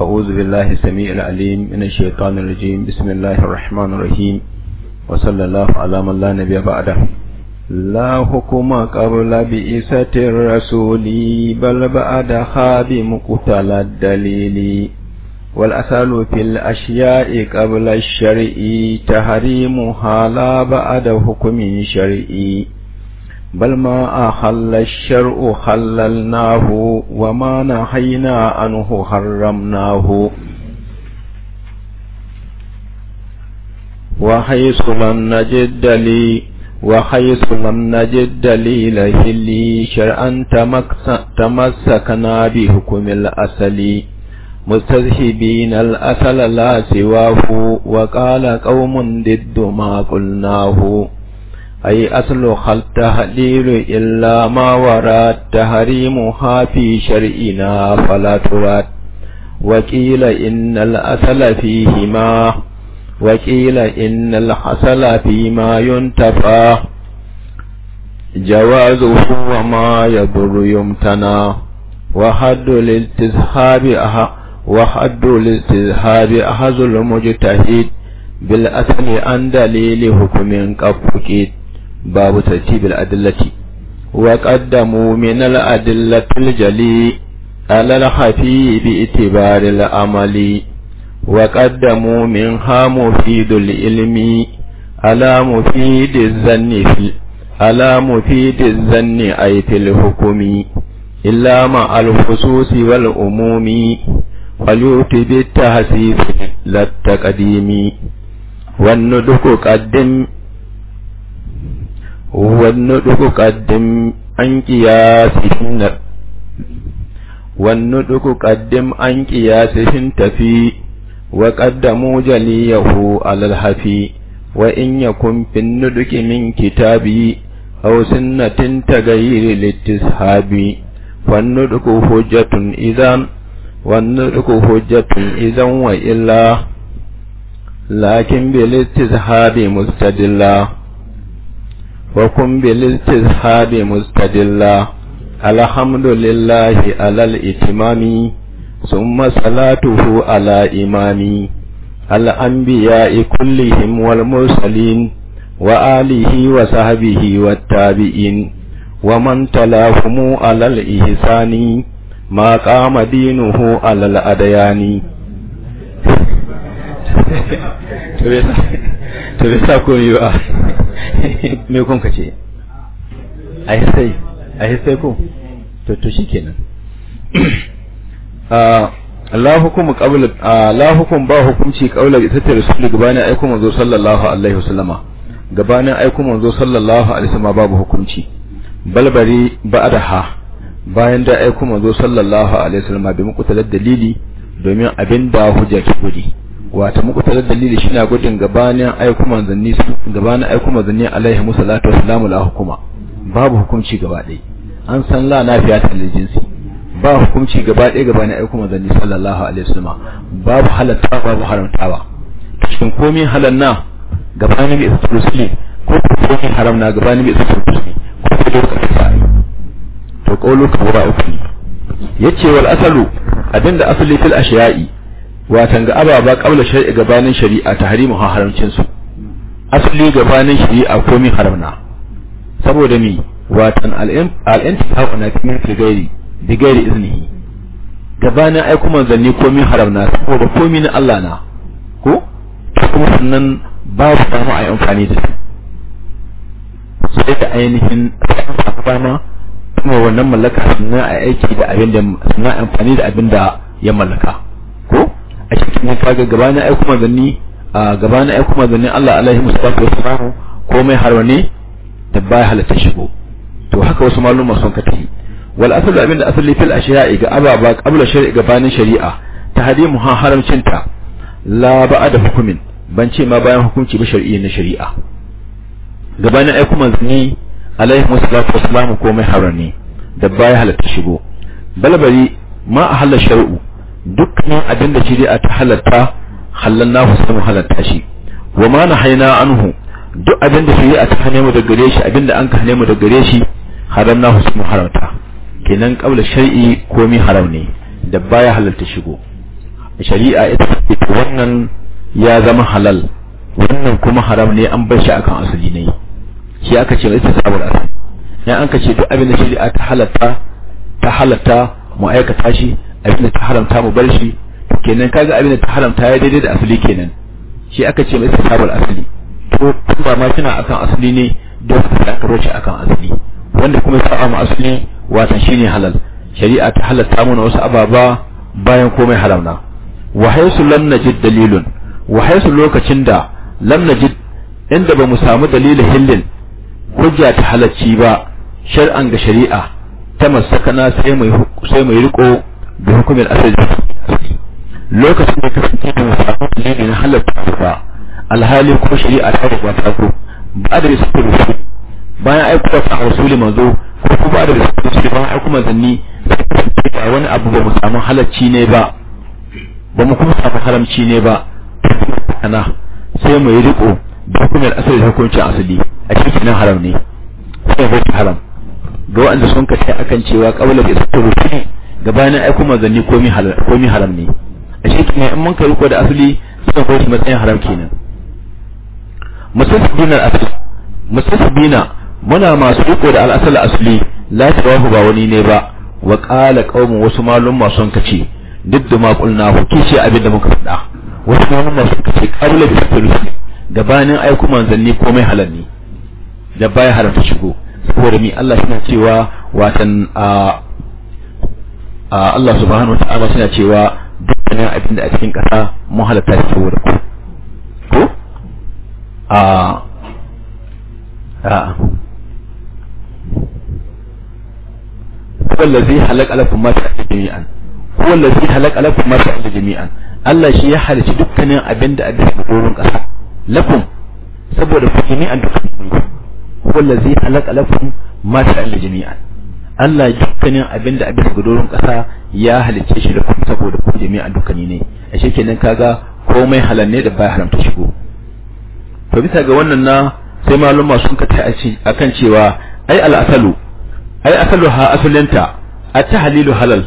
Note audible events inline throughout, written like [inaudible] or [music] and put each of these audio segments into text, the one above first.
أعوذ بالله السميع العليم من الشيطان الرجيم بسم الله الرحمن الرحيم وصلى الله على من لا نبي بعده لا حكم قبل بإسة الرسول بل بعدها بمقتل الدليل والأصل في الأشياء قبل الشرع تحريمها لا بعد حكم شرعي بل ما أخل الشرء خللناه وما نهينا عنه حرمناه وحيث لم نجد لي وحيث لم نجد دليله لي شرعا تمسكنا بحكم الأصل مستذهبين الأصل لا سواه وقال قوم ضد ما قلناه أي أصلها التهليل إلا ما ورد تهريمها في شرعنا فلا ترد وقيل إن الأصل فيهما وقيل إن الحصل فيما ينتفى جوازه وما يضر يمتنى وحد للتذهاب أه وحد للتذهاب أهز المجتهد بالأثم عن دليل حكم قد باب ترتيب الأدلة وقدموا من الأدلة الجلي على الخفي باعتبار العمل وقدموا منها مفيد العلم على مفيد الظن على مفيد الظن أي في الحكم إلا مع الخصوص والأموم فليؤتي بالتحسيس للتقديم والندك قدم wannu dhugu qaddim anki yaasi hinna wannu dhugu qaddim anki yaasi hinta fi wa qaddamu jaliyahu alal hafi wa in yakun finnu dhuki min kitabi aw sunnatin tagayiri litishabi wannu dhugu hujjatun idan wannu dhugu hujjatun idan wa illa lakin bilitishabi mustadillah وكن بالالتزهاد مستدلا الحمد لله على الإتمام ثم صلاته على إمامي الأنبياء كلهم والمرسلين وآله وصحبه والتابعين ومن تلاهم على الإحسان ما قام دينه على الأديان to bai sa komi ba [laughs] me kun ka ce a hisai a hisai ko to to shikenan [clears throat] ah, Allah hukumu qabla Allah hukum ba hukunci qabla bi tattara rasul gabanin aikun manzo sallallahu alaihi wasallama gabanin aikun manzo sallallahu alaihi wasallama babu hukunci balbari ha bayan da aikun manzo sallallahu alaihi wasallama bi muqtalad dalili domin abinda hujja ta kudi wata muqtalar dalili shi na gudun gabanin aiku manzanni gabanin aiku manzanni alaihi musallatu wassalamu la hukuma babu hukunci gaba ɗaya an san la nafiya ta jinsi ba hukunci gaba ɗaya gabanin aiku manzanni sallallahu alaihi wasallam babu halatta babu haramtawa cikin komai halanna gabanin bi istisli ko komai haramna gabanin bi istisli ko lokacin sai to kaulu ba uku yace wal asalu abinda asali fil ashiya'i watan ga ababa kabla shari'a gabanin shari'a harimu ha haramcin su asali gabanin shari'a komai haramna saboda mi watan al-intisahu na cikin gairi da gairi iznihi gabanin ai kuma zanni komai haramna saboda komai na Allah na ko kuma sannan babu samu ai amfani da su sai da ainihin fama kuma wannan mallaka sunan a aiki da abin da sannan amfani da abin da ya mallaka kuma kaga gabanin ai kuma zanni a gabanin ai kuma zanni Allah alaihi musallatu wasallam komai harwane da baya halatta shigo to haka wasu maluma sun ka tafi wal asalu abinda asali fil ashiya'i ga ababa qabla shari'a gabanin shari'a tahdimu ha haramcin ta la da hukumin ban ce ma bayan hukunci ba shari'i na shari'a gabanin ai kuma zanni alaihi musallatu wasallam komai harwane da baya halatta shigo balbari ma a ahalla shar'u dukkanin abin da shari'a ta halatta na kusa mu halatta shi wa ma nahaina anhu duk abin da shari'a ta hane mu daga gare shi abin da an ka hane mu daga gare shi na kusa mu haramta kenan kaula shar'i komi haram ne da baya halalta shigo shari'a ita ce wannan ya zama halal wannan kuma haram ne an bar shi akan asali ne shi aka ce ita sabul asali ya an ka ce duk abin da shari'a ta halatta ta halatta mu aikata shi abin da ta haramta mu bar shi kenan kaga abin da ta haramta ya daidai da asali kenan shi aka ce mai sabal asali to kuma ma kina akan asali ne don su aka roce akan asali wanda kuma sa'a mu asali watan shine halal shari'a ta halatta mana wasu ababa bayan komai haramna wa haisu lam najid dalilun wa haisu lokacin da lam najid inda ba mu samu dalilin hillin hujja ta halacci ba shar'an ga shari'a ta masakana sai mai sai mai riko bi hukumin asali lokacin da kasance da musafin dalili na halatta ba alhali ko shari'a ta ba ta ko ba da risu rusu bayan aiko ta a rasuli manzo ko ko ba da risu rusu a kuma zanni ba wani abu ba mu samu halacci ne ba ba mu kuma samu haramci ne ba ana sai mu yi riko da hukumin asali da hukuncin asali a cikin haram ne sai hukuncin haram da wa'anda sun kace akan cewa kaula da su rusu gabanin aiko manzanni komi haram ne a shi kuma in mun kai riko da asali suna ko shi matsayin haram kenan mustasbina asali mustasbina muna masu riko da al'asal asali la wahu ba wani ne ba wa qala qaumun wasu malum masu son kace duk da ma ku kishi abin da muka faɗa wasu malum masu son kace qabla bi sulusi gabanin aiko manzanni komai halal ne da baya haramta shigo saboda mi Allah suna cewa watan a Allah subhanahu wa ta'ala suna cewa dukkanin abin da a cikin ƙasa mun halatta shi saboda ku ko a a wallazi halaka lakum ma ta'ala jami'an wallazi halaka lakum ma ta'ala jami'an Allah shi ya halici dukkanin abin da a cikin doron ƙasa lakum saboda ku jami'an dukkanin wallazi halaka lakum ma ta'ala jami'an Allah dukkanin abin da abin ga doron ya halicce shi da kuma saboda ku jami'a dukkani ne a shi kenan kaga komai halal ne da bai haramta shigo to bisa ga wannan na sai maluma sun ka ta akan cewa ai al-asalu ai asaluha a ta tahlilu halal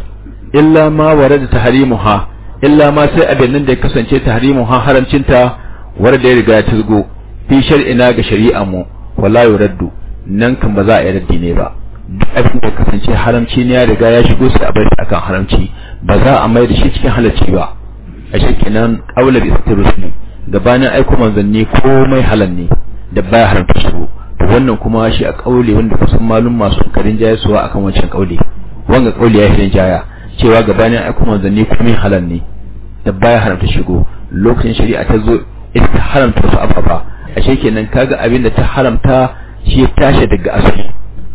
illa ma warada tahrimuha illa ma sai abin nan da ya kasance tahrimuha haramcinta warda ya riga ya tuzgo fi shar'ina ga shari'a mu wala yuraddu nan kan ba za a yi raddi ne ba duk abin da kasance haramci ne ya riga ya shigo sai a bari akan haramci ba za a mai da shi cikin halarci ba a shekinan kaular istirus ne gabanin aiko manzanni komai halal ne da baya haramta shigo to wannan kuma shi a kaule wanda kusan malum masu karin jaya suwa akan wancan kaule wanga kaule ya hirin jaya cewa gabanin aiko manzanni komai halal ne da baya haramta shigo lokacin shari'a ta zo ita haramta su ababa a shekinan kaga abin da ta haramta shi ya tashi daga asali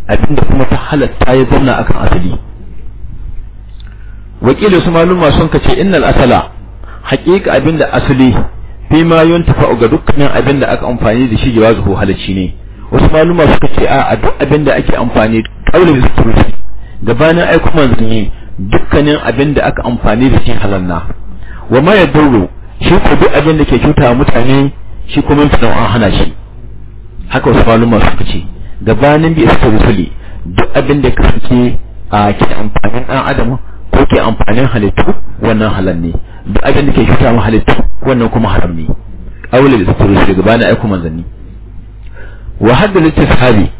abinda kuma ta halatta ya zauna akan asali wakilu su maluma sun kace innal asala haqiqa abinda asali fi ma yuntafa ga dukkanin abinda aka amfani da shi jawazu halacci ne wasu maluma suka ce a duk abinda ake amfani da zuci gabana ai kuma zanni dukkanin abinda aka amfani da shi halanna wa ma ya dauro shi ko duk abinda ke cuta mutane shi kuma fitan an hana shi haka wasu maluma suka ce gabanin bi isa rusuli duk abin da kasance a ke amfanin ɗan adam ko ke amfanin halittu wannan halal ne duk abin da ke shuta ma halittu wannan kuma haram ne aulil isa rusuli gabanin aiko manzanni wa haddal istishabi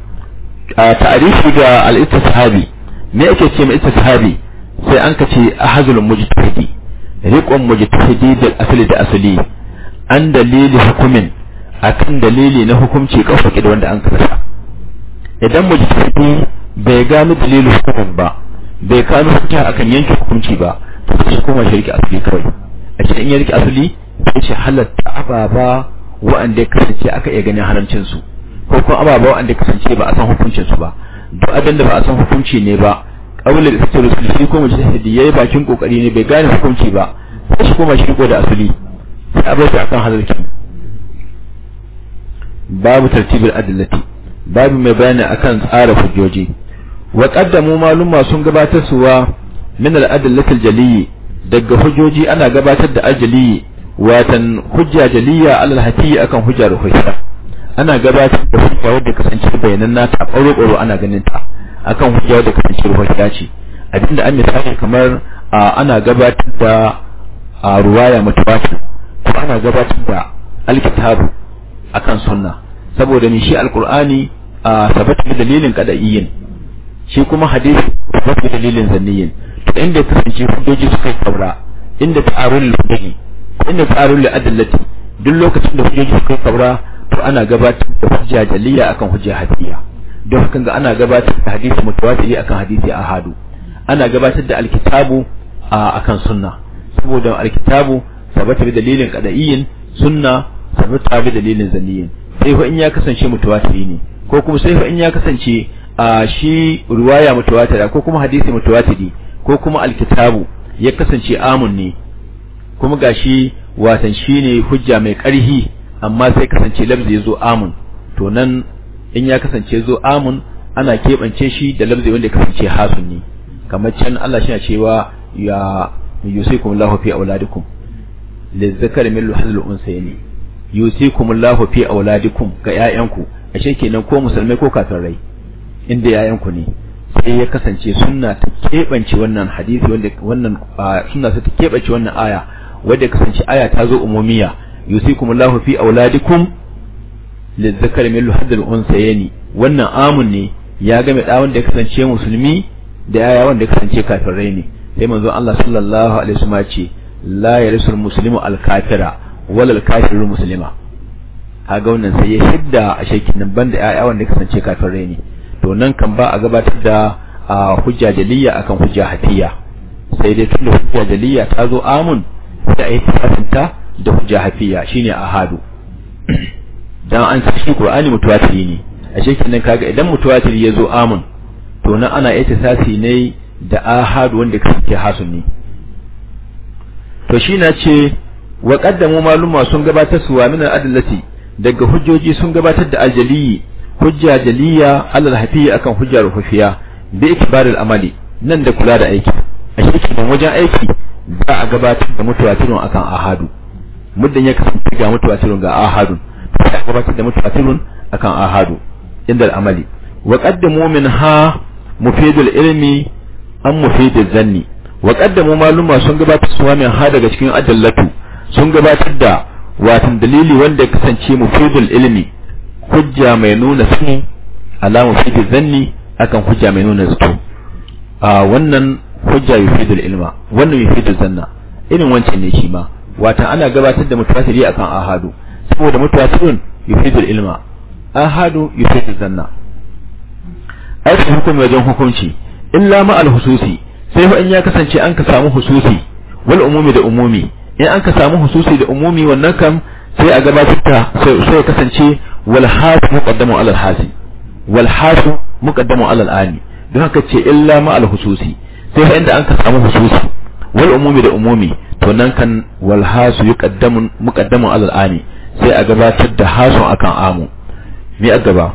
a ta'arifi ga al istishabi me ake ce mai istishabi sai an ka ce ahadul mujtahidi riqon mujtahidi da asali da asali an dalili hukumin akan dalili na hukunci kafa da wanda an karasa idan mujtahidi bai gano dalilin hukumar ba bai gano a kan yanke hukunci ba to sai shi shirki asali kawai a ce in ya asali sai shi halatta ababa wa'anda ya kasance aka iya ganin haramcin su ko kuma ababa wa'anda ya kasance ba a san hukuncin su ba duk abin da ba a san hukunci ne ba kawai da suke rusul shi ko ya yayi bakin kokari ne bai gane hukunci ba sai shi shi ko da asali sai abin akan halalci babu tartibul adillati babu mai bayani akan tsara hujjoji wa qaddamu maluma sun gabatar suwa min al-adillati jaliyyi daga hujjoji ana gabatar da ajali watan hujja jaliya alal hati akan hujjar hujja ana gabatar da hujja wadda kasance bayanan na ɓaro-ɓaro ana ganin ta akan hujja wadda kasance hujja ce abinda an misali kamar ana gabatar da ruwaya mutawatir ko ana gabatar da alkitabu akan sunna saboda ni shi alqur'ani sabata da dalilin qada'iyyin shi kuma hadisi sabata da dalilin zanniyin to inda kasance hujjoji suka kaura inda ta ta'arul hujjoji inda ta ta'arul adillati duk lokacin da hujjoji suka kaura to ana gabatar da hujja jaliya akan hujja hadiya don haka ga ana gabatar da hadisi mutawatiri akan hadisi ahadu ana gabatar da alkitabu a akan sunna saboda alkitabu sabata bi dalilin qada'iyyin sunna sabata bi dalilin zanniyin sai fa in ya kasance mutawatir ne ko kuma sai fa in ya kasance a shi ruwaya mutawatir ko kuma hadisi mutawatiri ko kuma alkitabu ya kasance amun ne kuma gashi watan shi ne hujja mai ƙarhi amma sai kasance lafzi ya zo amun to nan in ya kasance zo amun ana keɓance shi da lafzi wanda ya kasance hasun ne kamar can Allah shi cewa ya yusikum lahu fi auladikum lizzakari min luhzul unsayni yusikumullahu fi auladikum ga ƴaƴanku ashe kenan ko musulmai ko kafin rai inda ƴaƴanku ne sai ya kasance sunna ta kebance wannan hadisi wanda wannan sunna ta kebance wannan aya wanda kasance aya ta zo umumiya yusikumullahu fi auladikum lizzakari min luhaddal unsayani wannan amun ne ya game da wanda ya kasance musulmi da yaya wanda ya kasance kafirai ne sai manzo Allah sallallahu alaihi wasallam ce la yarisul muslimu al kafira walal kafiru muslima kaga wannan sai ya hidda a shekin nan banda ƴaƴa da kasance kafin raini to nan kan ba a gabatar da hujja jaliyya akan hujja hatiya sai dai tunda hujja jaliyya ta zo amun da ai yi da hujja hafiya shine hadu [clears throat] dan an tashi qur'ani mutawatir ne a shekin nan kaga idan mutawatir ya zo amun to nan ana sasi ne da ahad wanda kake hasuni ne to shi na ce wa qaddamu maluma sun gabatar su wa min al-adillati daga hujjoji sun gabatar da aljaliyi hujja jaliya alal hafiya akan hujja rufiya bi ikbar al-amali nan da kula da aiki a shekin wajen aiki za a gabatar da mutuwa tirun akan ahadu muddin ya kasance ga mutuwa tirun ga ahadun za a gabatar da mutuwa tirun akan ahadu inda al-amali wa qaddamu minha mufidul ilmi an mufidul zanni wa qaddamu maluma sun gabatar su wa min ha daga cikin adallatu sun gabatar da watan dalili wanda ya kasance mufidul ilimi hujja mai nuna sani ala mufidul zanni akan hujja mai nuna zato a wannan hujja yufidul ilma wannan yufidul zanna irin wancan ne shi ma watan ana gabatar da mutawatiri akan ahadu saboda mutawatirun yufidul ilma ahadu yufidul zanna aiki hukumi wajen hukunci illa ma al hususi sai fa ya kasance an ka samu hususi wal umumi da umumi in an ka samu hususi da umumi wannan kam sai a gabatar ta sai kasance wal hasu muqaddamu ala al hasi wal hasu muqaddamu ala al ani don haka ce illa ma al hususi sai inda an ka samu hususi wal umumi da umumi to nan kan wal hasu yuqaddamu muqaddamu ala al ani sai a gabatar da hasu akan amu me a gaba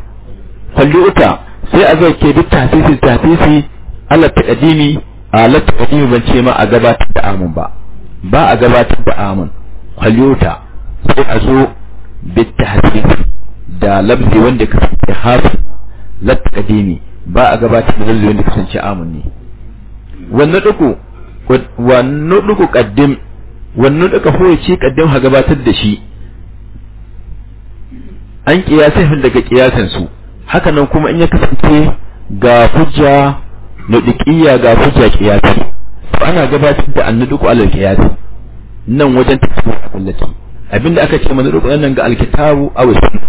uta sai a zai ke duk tafisi tafisi ala taqdimi ala taqdimi ban ce ma a gabatar da amun ba ba a gabatar da amun kwalyota sai a zo bittahsif da labzi wanda ka kasance hafi latqadimi ba a gabatar da labzi wanda ka kasance amun ne wannan duku wannan duku qaddim wannan duka hoye ce qaddim ha gabatar da shi an kiyasa hin daga kiyasan su haka nan kuma in ya kasance ga hujja na dikiya ga hujja kiyasi to ana gabatar da annaduku alal qiyas nan wajen tafsir abinda aka ce manzo nan ga alkitabu aw sunna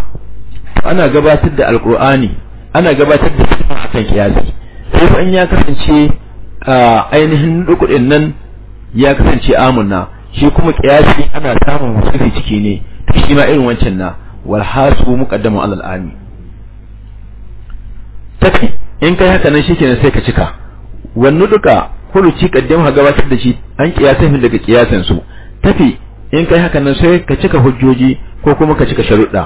ana gabatar da alqur'ani ana gabatar da sunna akan kiyasi sai an ya kasance ainihin dukudin nan ya kasance amunna shi kuma kiyasi ana samun wasu ciki ne to shi ma irin wancan na wal hasu muqaddamu alal ani take in kai haka nan shikenan sai ka cika wannan duka furuci kaddam ha gabatar da shi an kiyasa min daga kiyasan su tafi in kai hakan nan sai ka cika hujjoji ko kuma ka cika sharuɗa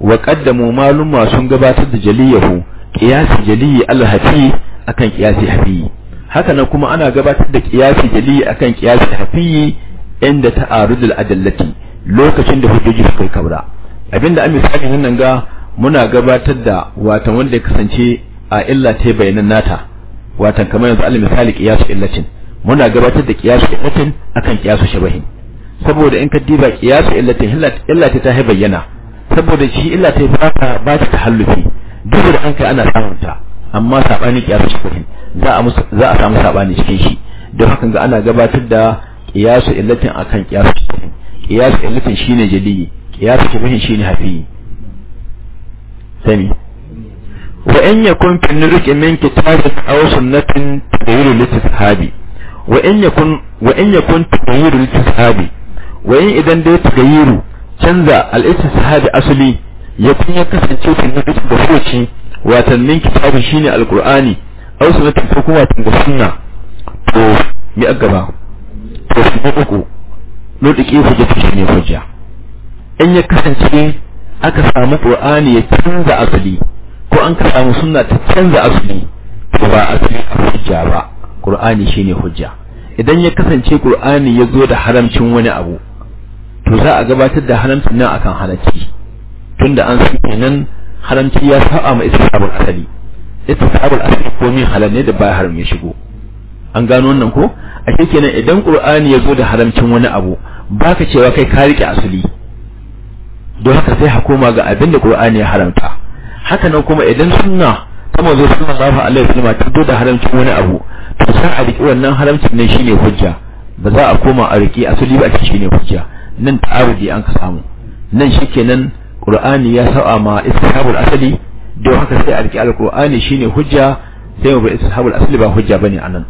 wa qaddamu malum ma sun gabatar da jaliyahu qiyasi jaliyi al-hafi akan qiyasi hafi haka nan kuma ana gabatar da qiyasi jaliyi akan qiyasi hafi inda ta'arudul adallati lokacin da hujjoji suka kai kabra abinda an misali nan ga muna gabatar da wato wanda ya kasance a illa ta bayanan nata watan kamar yanzu alal misali kiyasu illatin muna gabatar da kiyasu illatin akan qiyasu shabahin saboda in ka diba qiyasu illatin illati ta bayyana saboda shi ba ta ba ta tahallufi duk da an kai ana samun ta amma sabani qiyasu shabahin za a za a samu sabani cikin shi don haka ga ana gabatar da kiyasu illatin akan qiyasu shabahin kiyasu illatin shine jali qiyasu shabahin shine hafi sani وإن يكن في النرك من كتاب أو سنة تغيير للتسحابي وإن يكن وإن يكن تغيير للتسحابي وإن إذا دي تغيير canza al'istishabi asali ya kun ya kasance fi na duk watan min kitabun shine alqur'ani aw sunnatin ko kuma watan ga sunna to in ya kasance aka samu kur'ani ya canza asali ko an ka samu sunna ta canza asali to ba asali a hujja ba qur'ani shine hujja idan ya kasance qur'ani ya zo da haramcin wani abu to za a gabatar da haramcin nan akan halacci tunda an san kenan haramci ya saba ma istisabul asali istisabul asali ko min halal ne da ba haram ya shigo an gano wannan ko ashe kenan idan qur'ani ya zo da haramcin wani abu baka cewa kai ka rike asali don haka sai hakoma ga abin da qur'ani ya haramta haka nan kuma idan sunna ta manzo sallallahu alaihi wasallam ta da haramcin wani abu to sai a riki wannan haramcin ne shine hujja ba za a koma a riki asali ba ta shine hujja nan ta'arudi an ka samu nan shikenan qur'ani ya sa'a ma ishabul asali don haka sai a riki alqur'ani shine hujja sai mu ishabul istihabul asali ba hujja bane anan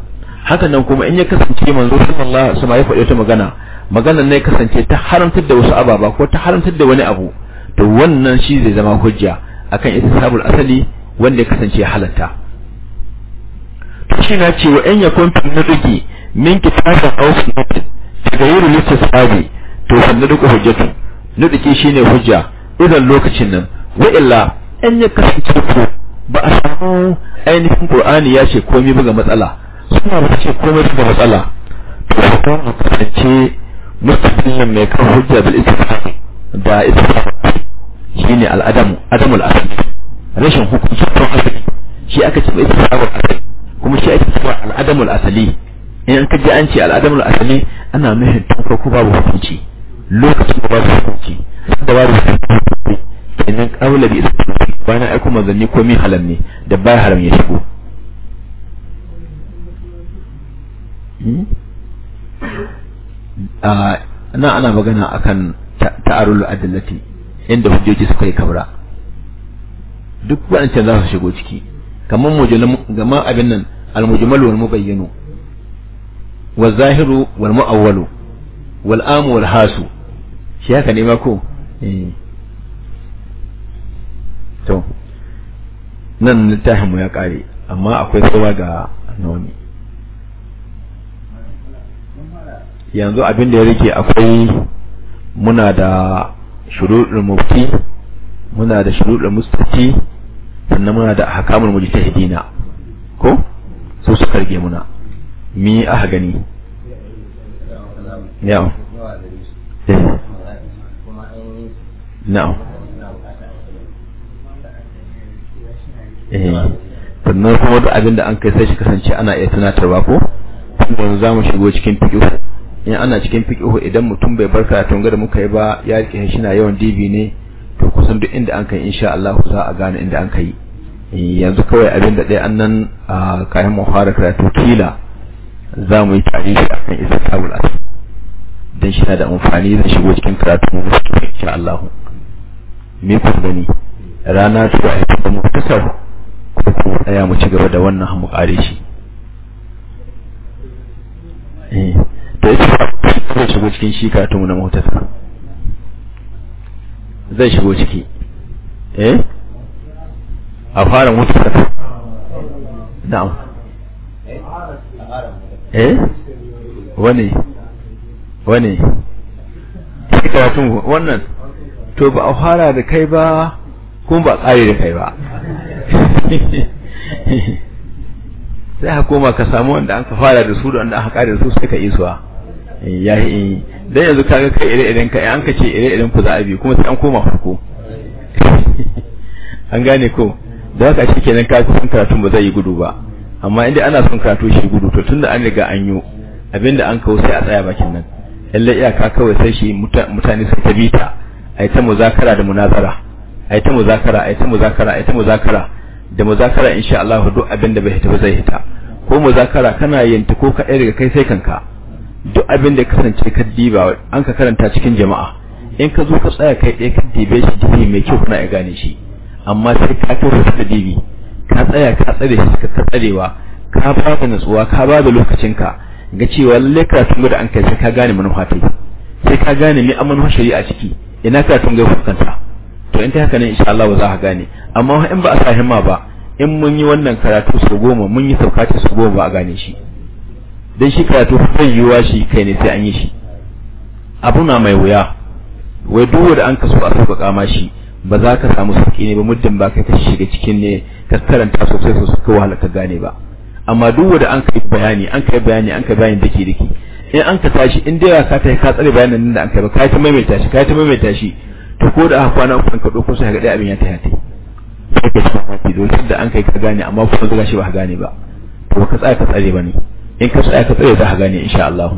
haka nan kuma in ya kasance manzo sallallahu alaihi wasallam ya faɗi wata magana maganar ne kasance ta haramtar da wasu ababa ko ta haramtar da wani abu to wannan shi zai zama hujja akan istisabul asali wanda ya kasance halatta shi na ce wa ɗan yakon fi nadigi min kitabin house notin daga yiru listis to sannu duk hujjatu nadigi shine hujja idan lokacin nan wa illa ɗan ya kasance ko ba a samu ainihin qur'ani ya ce komai ba ga matsala suna ba ce komai ba matsala to na kasance mustaqillan mai kan hujja bil istisab da istisab ne al'adamu adamul asali rashin hukunci don asali shi aka ce ita sabon asali kuma shi ake cewa al'adamul asali in ka ji an ce al'adamul asali ana nufin tun farko babu hukunci lokacin da babu hukunci da babu hukunci kenan kaula bi bayan aiko manzanni ko min halam ne da baya haram ya shigo hmm? ah, na ana magana akan ta'arul adillati inda hujjoji suka yi kabra duk waɗancan za su shigo ciki kamar gama abin nan al-mujmal wal mubayyin wal zahiru wal muawwalu wal amu wal hasu shi haka ne ma ko eh. to nan littafin mu ya kare amma akwai tsawa ga nomi yanzu abin da ya rike akwai muna da shuruɗul mufti muna da shuruɗul mustati sannan muna da ahkamul mujtahidina ko su suka rage muna mi a gani yau eh. na'am eh. sannan kuma duk abin da an kai sai shi kasance ana iya tunatarwa ko yanzu za mu shigo cikin fiƙi in ana cikin fiqhu idan mutum bai bar karatun ga da muka yi ba ya rike shi na yawan dibi ne to kusan duk inda an kai insha Allah za a gane inda an kai eh, yanzu kawai abin da dai annan kayan mu fara karatu kila za mu yi tarihi akan istiqamul asr dan shi da amfani zai shigo cikin karatu mu insha Allah me ku gani rana ta yi ta muktasar ku tsaya mu ci gaba da wannan mu kare shi eh da ita zai shigo cikin shi katun na mahutasa zai shigo ciki eh a fara mutasa na'am eh wani wani karatun wannan to ba a fara da kai ba kuma ba ƙare da kai ba [laughs] sai ka koma ka samu wanda an ka fara da su da wanda aka kare da su sai ka isuwa ya yi eh, dan yanzu kaga kai ire-iren ka eh, an ka ce ire-iren ku za a bi kuma sai an koma farko [laughs] an gane ko da haka shi kenan ka san karatun ba zai yi gudu ba amma inda ana son karatu shi gudu to tunda an riga an yi abinda an kawo sai a tsaya bakin nan lalle iyaka kawai sai shi mutane su ta bita yi ta muzakara da munazara a yi ta muzakara a yi ta muzakara a yi ta muzakara da muzakara insha Allah duk abinda bai hita ba zai hita ko muzakara kana yin ta ko ka daga kai sai kanka duk abin da kasance ka diba an ka karanta cikin jama'a in ka zo ka tsaya kai ɗaya ka dibe shi dibi mai kyau kuna ya gane shi amma sai ka kai su da dibi ka tsaya ka tsare shi ka tsarewa ka ba da nutsuwa ka ba da lokacinka ga cewa lallai karatun da an kai sai ka gane manufa ta sai ka gane ni amma manufa shari'a ciki ina karatun ga fuskanta to in ta haka ne insha Allah za ka gane amma in ba a sa himma ba in mun yi wannan karatu su goma mun yi sauka su goma ba a gane shi dan shi karatu zai yiwa shi kai ne sai an yi shi abu na mai wuya wai duk wanda an kaso a sauƙaƙa ma shi ba za ka samu sauƙi ne ba muddin ba kai ka shiga cikin ne ka karanta sosai sosai ka wahala ka gane ba amma duk wanda an kai bayani an kai bayani an kai bayani dake dake in an ka tashi in dai ka tashi ka tsare bayanin nan da an kai ba kai ta maimaita shi kai ta maimaita shi to ko da a kwana an ka ko sai ga dai abin ya taya yate sai ka dole da an kai ka gane amma za ka shi ba ka gane ba to ka tsaya ka tsare ba ne in ka tsaya ka tsaye za ka gane insha Allah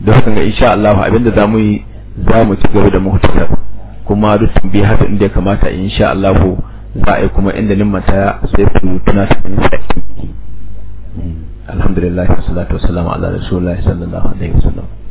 da haka ga insha Allah abinda za mu yi za mu ci gaba da muhtasar kuma duk tambayi haka inda ya kamata insha Allah za a yi kuma inda mata sai su tuna su ne sai alhamdulillah wassalatu wassalamu ala rasulillah sallallahu alaihi wasallam